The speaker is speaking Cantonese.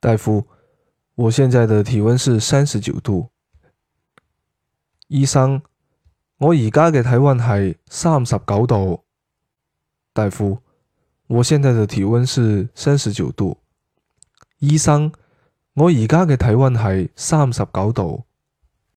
大夫，我現在的體溫是三十九度。醫生，我而家嘅體溫係三十九度。大夫，我現在的體溫是三十九度。醫生，我而家嘅體溫係三十九度。